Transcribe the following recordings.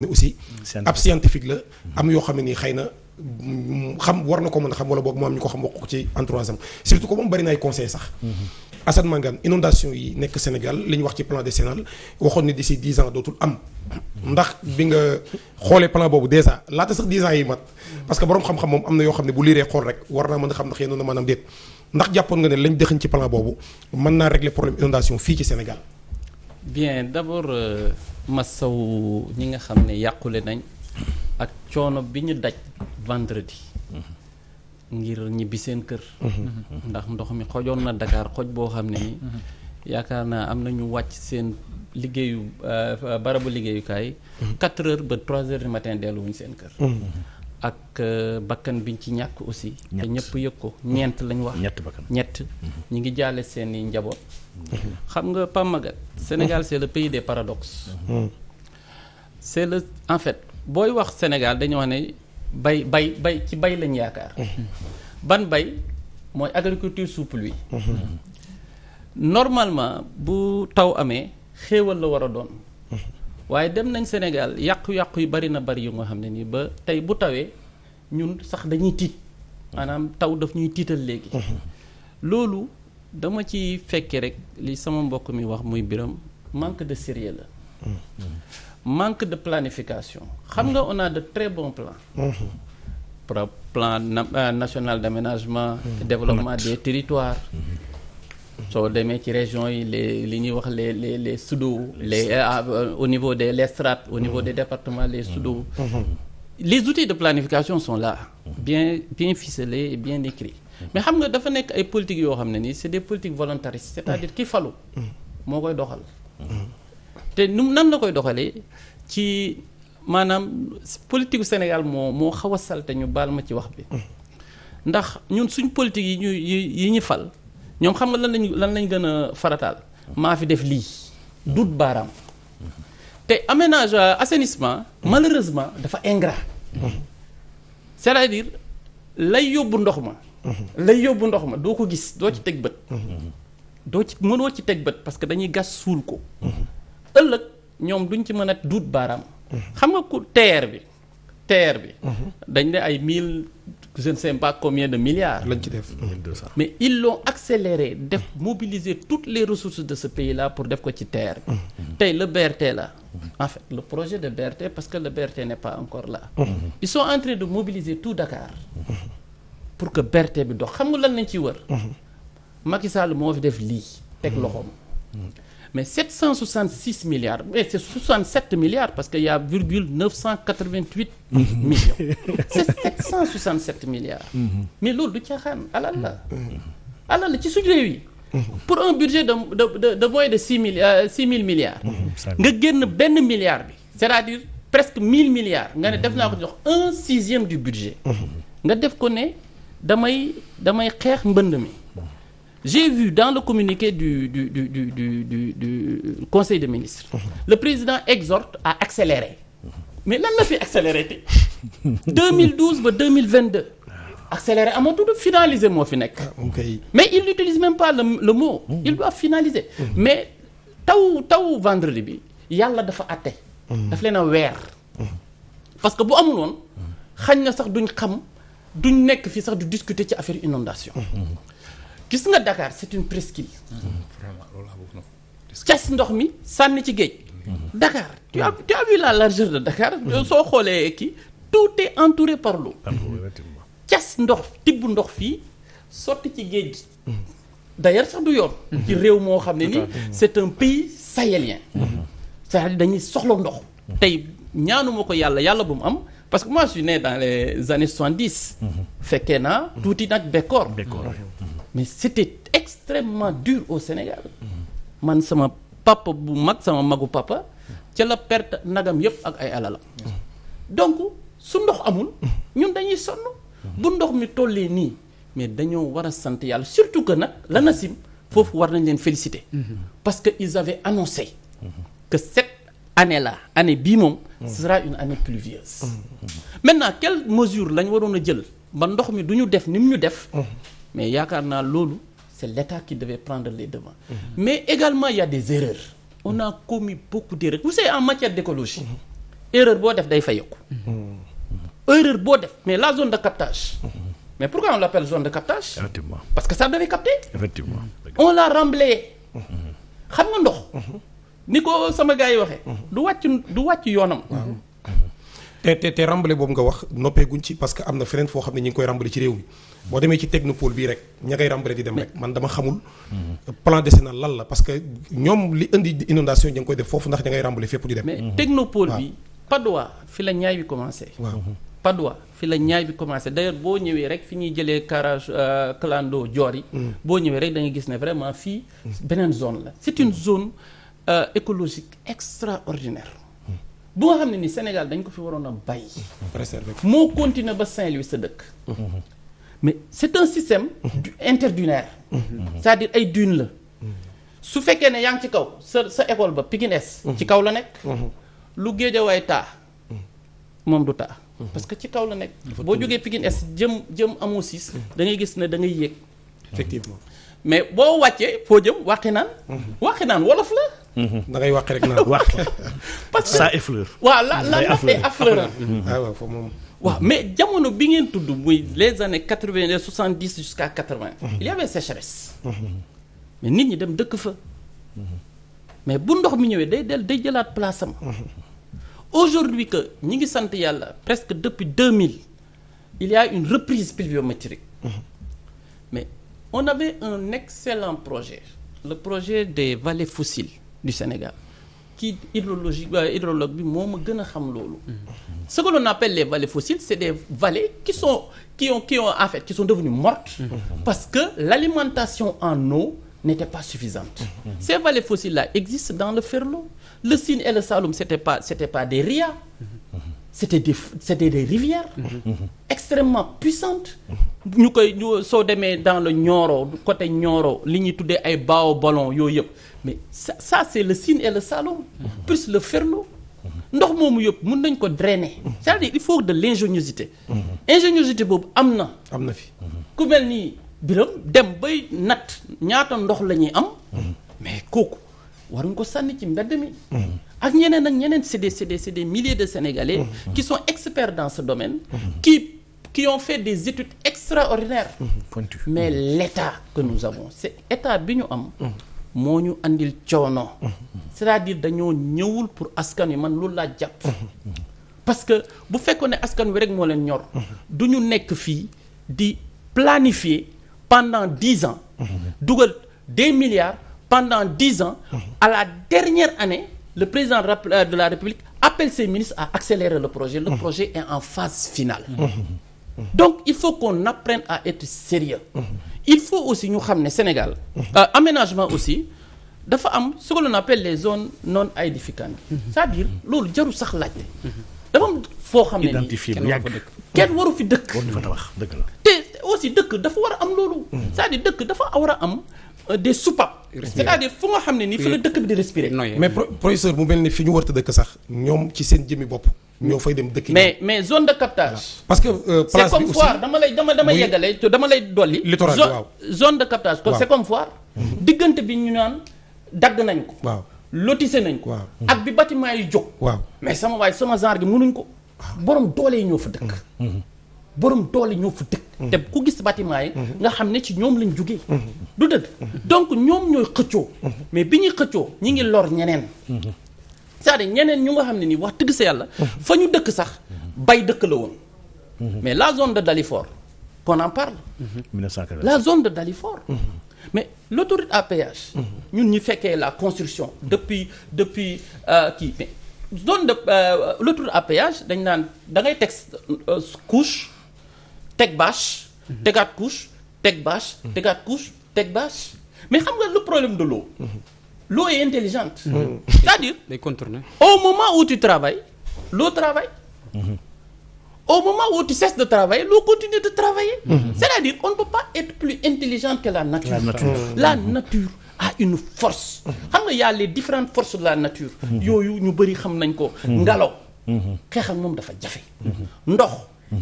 ne aussi ab scientifique la mm-hmm. am yoo xam ne nii na xam war na ko mën a xam wala boog moom ñu ko xam wax ko ci entourage am surtout que moom bari na ay conseil sax mm-hmm. Assane Mangane inondation yi nekk Sénégal li ñu wax ci plan décennal waxoon ne d'ici dix ans dootul am mm-hmm. ndax bi nga xoolee plan boobu déjà laata sax dix ans yi mat parce que borom xam-xam moom am na yoo xam ne bu liiree xool rek war naa mën a xam ndax yéen na maanaam déet ndax jàppoon nga ne lañ dëxañ ci plan boobu mën fii ci Sénégal masawu ñi nga xam ne yàqule nañ ak coono bi ñu daj vendredi ngir ñibbi seen kër ndax ndox mi xojoon na dakaar xoj boo xam ne ni yaakaar naa am na ñu wàcc seen liggéeyu euh, barabu liggéeyukaay quatre heures ba trois heures du matin delluwuñ seen kër ak euh, bakkan biñ ci ñàkk aussi te ñëpp yëg ko ñeent lañ wax ñett ñi ngi jaale seen i njaboot mm-hmm. xam nga Pape Sénégal c'est le pays des paradoxes c'est le en fait booy wax Sénégal dañu wax ne bay bay bay ci bay lañ yaakaar ban bay mooy agriculture sous pluie normalement bu taw amee xéewal la war a doon waaye dem nañ Sénégal yàqu-yàqu yu bari na bari yu nga xam ne nii ba tey bu tawee ñun sax dañuy tiit maanaam taw daf ñuy tiital léegi loolu dama ci fekke rek li sama mbokk mi wax muy biram manque de sérieux la manque de planification xam nga on a de très bons plans plan euh, national d'aménagement mm-hmm. développement des territoires mm-hmm. soo demee ci région yi les li ñuy wax les les les SUDO les euh, euh, au niveau des les strates au niveau mm-hmm. des département les SUDO les outils de planification sont là bien bien ficelés et bien écrits mais xam nga dafa nekk ay politique yoo xam ne nii c'est des politiques volontaristes c'est-à-dire ki falu moo koy doxal te nu nan la koy doxalee ci maanaam politique Sénégal moo moo xaw a salte ñu baal ma ci wax bi ndax ñun suñ politique yi ñu yi ñu fal ñoom xam nga lan lañ lan lañ gën a farataal maa fi def lii dut baaraam te aménage assainissement malheureusement dafa ingrat c'est-à-dire lay yóbbu ndox ma lay yóbbu ndox ma doo ko gis doo ci teg bët mm-hmm. doo ci mënoo ci teg bët parce que dañuy gas suul ko mm-hmm. ëllëg ñoom duñ ci mën a duut baaraam mm-hmm. xam nga ku TER bi TER bi dañ ne ay mille je ne sais pas combien de milliards lañ ci def mais ils l'ont accéléré def mobiliser toutes les ressources de ce pays là pour def ko ci TER bi tey le BRT la en fait le projet de BRT parce que le BRT n'est pas encore la ils sont en train de mobiliser tout Dakar pour que berté bi dox xam nga lan nañ ciy wër. Mhm. Macky Sall moo fi def lii teg mhm. loxo mhm. mais 766 milliards mais c'est 67 milliards parce que y a virgule 988 millions c'est 767 milliards mais loolu du caaxaan alal la alal la ci suñu réew pour un budget de de de de moins de 6 mille 6 euh, mille milliards nga génn benn milliard bi c'est-à-dire presque 1000 milliards nga ne def naa ko jox un sixième du budget nga def ko ne damay damay xeex mbënd mi j'ai vu dans le communiqué du du du du du du, conseil de ministres le président exhorte à accélérer mais lan la fi accéléré te 2012 ba 2022 accéléré amatul finaliser moo fi nekk ah, mais il n'utilise même pas le, le mot mmh. il doit finaliser mmh. mais taw taw vendredi bi yàlla dafa àtte mmh. daf leen a weer parce que bu amul woon xañ sax duñ xam duñ nekk fii sax du discuter ci affaire inondation gis nga dakaar c'est une presqu'île cas ndox mi sànni ci géej Dakar tu as tu as vu la largeur de Dakar mm-hmm. soo xoolee kii tout est entouré par l'eau cas ndox tibb ndox fii sotti ci géej gi mm-hmm. d'ailleurs sax du yoon mm-hmm. ci réew moo xam ne ni c'est un pays sahélien cest dañuy soxla ndox tey ñaanuma ko yàlla yàlla bu mu am parce que moi je nee né dans les années 70. fekkee naa tuuti nag bekkoor. mais c'était extrêmement dure au Sénégal. man sama papa bu mag sama magu papa ca perte nagam yëpp ak ay alalam. donc su ndox amul. ñun dañuy sonn. bu ndox mi tollee nii mais dañoo war a sant yàlla surtout que nag la Nasim foofu war nañ leen félicité mhm. parce que ils avaient annoncé. que année la année bii moom. Mm. ce sera une année pluvieuse. Mm. maintenant quelle mesure lañu waroon a jël ba ndox mi du ñu def ni mu ñu def. Mm. mais yaakaar naa loolu c' est l' état qui devait prendre les devants. mais également il y a on a commis beaucoup d' erreurs vous savez en matière décologie écologie. boo def day fayeku. erreur boo def mais la zone de captage. mais pourquoi on l' appelle zone de captage. parce que ça devait capter. effectivement on l'a remblayé. xam nga ndox. ni ko sama gars yi waxee. du wàcc du wàcc yoonam. te te te rambale boobu nga wax noppeeguñ ci parce que am na feneen foo xam ne ñu ngi koy rambale ci réew mi boo demee ci technopole bii rek ña ngay rambale di dem man dama xamul plan décennal lan la parce que ñoom li indi inondation ña ngi koy def foofu ndax ña ngay rambale fépp di dem. mais technopole bi Padoa fi la ñaay bi commencé. waaw Padoa fi la ñaay bi commencé d'ailleurs boo ñëwee rek fi ñuy jëlee carrage euh, clando joor yi. Mm. boo ñëwee rek da gis ne vraiment fii beneen zone la c'est zone. Euh, écologique extraordinaire bu nga xam ne ni Sénégal dañ ko fi waroon a bay moo continuer ba Saint-Louis sa dëkk mais c'est système interdunaire cest dire ay dune la su fekkee ne yaa ngi ci kaw sa sa école ba Pikine Est ci kaw la nekk lu Guédiawaye taa moom du taa parce que ci kaw la nekk boo jógee Pikine Est jëm jëm amoo siis da ngay gis ne da ngay yéeg effectivement mais boo wàccee foo jëm wàqi naan mhm. wàqi naan wolof la Mm-hmm. da ngay wax rek naan wax parce que ça effleure waaw la la la affleur waaw moom waaw mais jamono bi ngeen tudd muy les années quatre vingt les soixante dix jusqu'à quatre vingt mm-hmm. il y avait mm-hmm. nit ñi dem dëkk fa mais bu ndox mi ñëwee day del day jëlaat place am aujourd'hui que ñi ngi sant yàlla presque depuis 2000 il y une reprise pluviométrique mais on avait un excellent projet le projet des vallées fossiles du Sénégal kii hydrologique euh, hydrologue bi moo ma gën a xam loolu ce que l'on appelle les vallées c'est des vallées qui sont qui ont qui en fait qui sont devenues mortes parce que l'alimentation en eau n'était pas suffisante ces vallées fossiles là existent dans le Ferlo le Sine et le Saloum c'était pas c'était pas des rias c'était des c'était des rivières extrêmement puissante ñu koy soo demee dans le Nioro côté Nioro li ñuy tuddee ay bao ballon yooyu yëpp mais ça ça c'est le Sine et le Saloum plus le Ferlo ndox moomu yëpp mun nañ ko drainer c'est-à-dire il faut de l'ingéniosité ingéniosité boobu am na am na fi ku mel nii biram dem bay natt ñaata ndox la ñuy am mais kooku waruñ ko sànni ci mbedd mi ak ñeneen ak ñeneen c'est des c'est des c'est milliers de Sénégalais ki mm-hmm. sont experts dans ce domaine qui qui ont fait des études extraordinaires mmh, Pointu. mais mmh. l'état que nous avons c'est état bi ñu am mmh. moo ñu andil coono c'est-à-dire dañoo ñëwul pour askan wi man loolu laaj jàpp parce que bu fekkoon ne askan wi rek moo leen ñor du ñu nekk fii di planifier pendant dix ans dugal des milliards pendant dix ans à la dernière année le président de la République appelle ses ministres à accélérer le projet le projet est en phase finale donc il faut qu'on apprenne à être sérieux il faut aussi ñu xam ne Sénégal euh, aménagement aussi dafa am ce que l'on appelle les zones non aedificantes c'est-à-dire loolu jarul sax laajte dafa am foo xam ne nii kenn waru fi dëkk te aussi dëkk dafa war a am loolu cest dire dëkk dafa war a am euh, des soupapes c'est-à-dire fu nga xam ne nii fi la dëkk bi di respirer. mais professeur mu mel ni fi ñu war a dëkk sax ñoom ci seen jëmmi bopp. ñoo fay dem dëkk mais mais zone de captage. parce que euh, place bi aussi c'est comme foire dama lay dama dama yeggale dama lay dolli. littoral waaw zone de captage. waaw c'est comme foire. Mhm. diggante bi ñu naan dagg nañ ko. waaw lotissé nañ ko. Mhm. ak bi bâtiment yi jóg. waaw mais sama waay sama genre gi mënuñ ko. borom doole yi ñoo fa dëkk. Mhm. borom doole ñoo fa dëkk. Mhm. te ku gis bâtiment yi. Mhm. nga xam ne ci ñoom lañ jugee. Mhm. du dëgg donc ñoom ñooy xëccoo. mais bi ñuy xëccoo ñi ngi lor ñeneen. cest à ñeneen ñu nga xam ne nii wax dëgg sa yàlla. fa ñu dëkk sax bay dëkk la woon. mais la zone de Dalifort qu'on en parle. la zone de Dalifort. mais l'autoroute à ñun ñu fekkee la construction depuis depuis euh, kii mais zone de euh, l'autoroute à péage dañ naan da ngay teg euh, couche. teg bâche. tegaat couche teg bâche. Mhm. tegaat couche teg bâche mais xam nga le problème de l'eau mhm. l'eau est intelligente. Mhm. c'est-à-dire day contourner au moment où tu travailles l'eau travaille. au moment où tu cesses de travailler l'eau continue de travailler. c'est-à-dire on ne peut pas être plus intelligent que la nature. la nature a une force. xam nga y différentes forces de la nature. yooyu ñu bëri xam nañ ko. ngelaw. xeexal moom dafa jafe. ndox.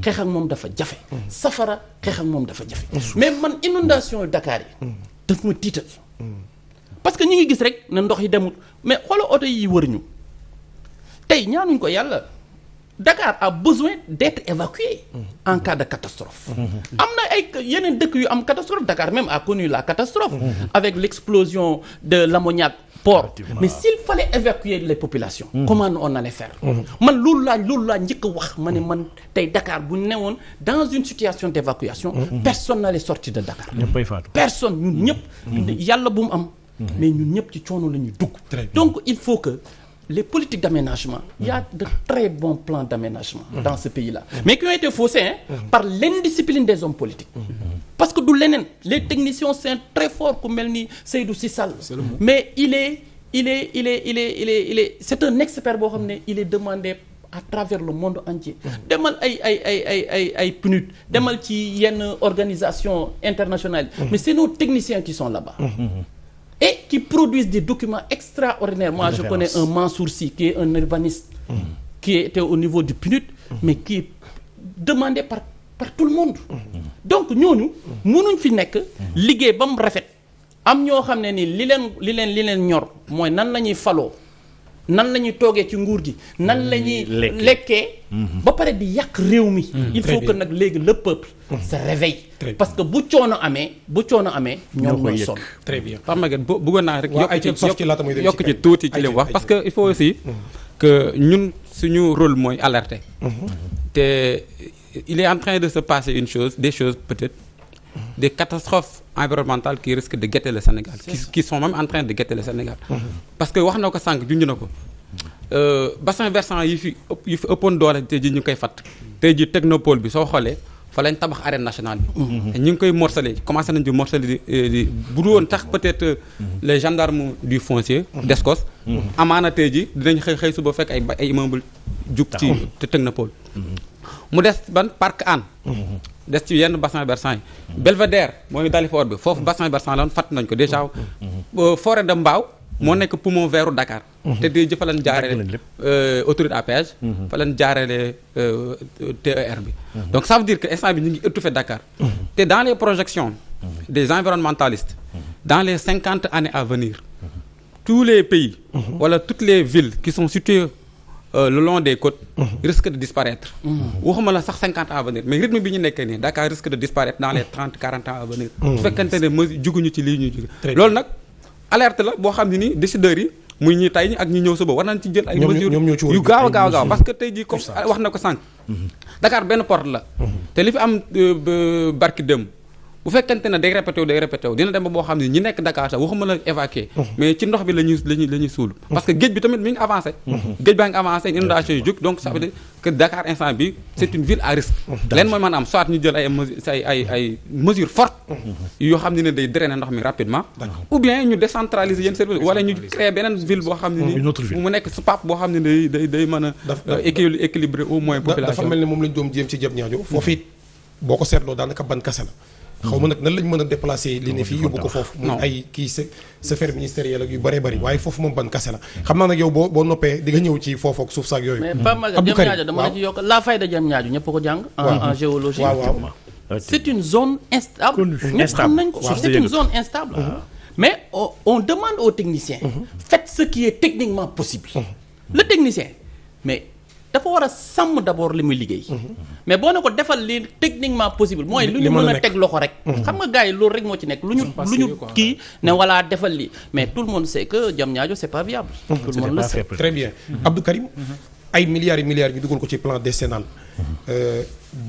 xeex moom dafa jafe. Mm. safara xeex moom dafa jafe. mais man inondation yu Dakar yi. Mm. daf ma tiital. Mm. parce que ñu ngi gis rek ne ndox yi demul mais xoola oto yi wër ñu tey ñaanuñ ko yàlla. Dakar a besoin d'être évacué mmh. en cas de catastrophe mm-hmm. Mm-hmm. am na ay yeneen dëkk yu am catastrophe Dakar même a connu la catastrophe mmh. avec l'explosion de l'ammoniac port mais s'il fallait évacuer les populations mmh. comment on allait faire mhm. man loolu laa loolu laa njëkk wax ma ne man tey Dakar bu ñu newoon dans une situation d'évacuation mhm. Mhm. personne n'allait sortir de Dakar personne ñun ñëpp yàlla bu mu am mais ñun ñëpp ci coono la ñuy dugg donc il faut que les politiques d'aménagement il a de très bons plans d'aménagement dans ce pays-là mais qui ont été faussés par l'indiscipline des hommes politiques parce que du leneen les techniciens sont très forts ku mel ni Seydou Sissal mais il est il est il est il est il est il est c'est un expert boo xam ne il est demandé à travers le monde entier demal ay ay ay ay ay ay PNUD demal ci yenn organisation internationale mais c'est nos techniciens qui sont là-bas et qui produisent des documents extraordinaires je connais un Mansour qui est un urbaniste qui était au niveau du PNUD mais qui est demandé par par tout le monde. donc ñooñu. mënuñ fi nekk. liggéey ba mu rafet. am ñoo xam ne ni li leen li leen li leen ñor mooy nan la ñuy faloo nan la ñuy toogee ci nguur gi. nan la ñuy mm-hmm. lekkee mm-hmm. ba pare di yàq réew mi. Mm-hmm. il faut que nag léegi le peuple. se réveille parce que bu coono amee bu coono amee. ñoom ñooy sonn très bien. Pape Maguette naa rek. yokk ci tuuti ci li mu wax parce que il faut aussi. que ñun suñu rôle mooy alerte te il est en train de se passer une chose des choses peut-être des catastrophes environnementales qui risquent de guetter le Sénégal qui, qui sont même en train de guetter le Sénégal mm-hmm. parce que wax na ko sànq junj na ko euh, bassin versant yi fi yi fi ëppoon doole tey ji ñu koy fat te ji technopole bi soo xoolee fa lañ tabax arène nationale bi mm-hmm. ñu ngi koy morcelé commencé nañ di morcelé di euh, bu du woon tax peut-être mm-hmm. les gendarmes du foncier d'Escos amaana te ji dinañ xëy xëy suba fekk ay ay immeuble jug ci technopole mu des ban parc Hann mm-hmm. des ci yenn bassin versant yi mm-hmm. Belvédère mooy dalifoor bi foofu mm-hmm. bassin versant la woon fàtt nañ ko déjà euh, forêt de Mbao moo nekk poumon vert u Dakar te di ji fa leen jaarale euh, autorité à péage fa leen euh, TER bi donc ça veut dire que instant bi ñu ngi étouffé Dakar te dans les projections des environnementalistes dans les cinquante années à venir tous les pays wala toutes les villes qui sont situées Euh, le long des mhm. risque de disparaître mhm. waxuma la sax cinquante ans à mais rythme bi ñu nekkee nii Dakar risque de disparaître dans trente quarante ans à venir mhm. su ma juguñu ci lii ñuy jóge loolu nag alerte la boo xam ne nii décideurs yi muy ñi tay ak ñi ñëw suba war nañ ci jël ay mesures yu gaaw a gaaw parce que tey jii comme wax na ko sànq Dakar benn porte la te li fi am euh, barki dem bu fekkente ne day répété wu day répété wu dina dem ba boo xam ne ñi nekk Dakar sax waxuma la évacuer mais ci ndox bi la ñuy la parce que géej bi tamit mi avancé géej baa ngi avancé inondation yi jóg donc ça veut dire Dakar instant bi c'est une ville à risque leen mooy maanaam soit ñu jël ay ay ay yoo xam ne ne day drainer ndox mi rapidement ou bien ñu décentraliser yenn service wala ñu créer beneen ville boo xam ne nii mu nekk SPAP boo xam ne day a euh, équilibrer au moins population moom lañ doon jéem ci jëm ñaajo mmh. foofu it boo xaw ma nag nan lañ mën a déplacé li ne fii yóbbu ko foofu mu ay kii sa affaire ministériel ak yu bare bari waaye foofu moom ban kase la xam naa nag yow boo boo noppee di nga ñëw ci foofu ak suuf saak yooyu mais Pape Maga jam ñaajo dama la ci yokk la fayda jam ñaajo ñëpp ko jàng en géologie waaw euh, waaw c'est une zone instable ñëpp xam nañ ko c'est une zone instable mais on demande aux techniciens mhm. faites ce qui est techniquement possible mhm. le technicien mais dafa war a sàmm d'abord li muy liggéey. Mhm. mais boo ne ko defal li techniquement possible. mooy lu ñu mën a teg loxo rek. Mhm. xam nga gars yi rek moo ci nekk lu ñu lu ñu kii ne mhm. voilà defal li mais tout le monde sait que Diamniadio c'est pas viable. tout le monde le sait très bien Abdou Karim. ay milliards et milliards ñu dugal ko ci plan décennal. Euh,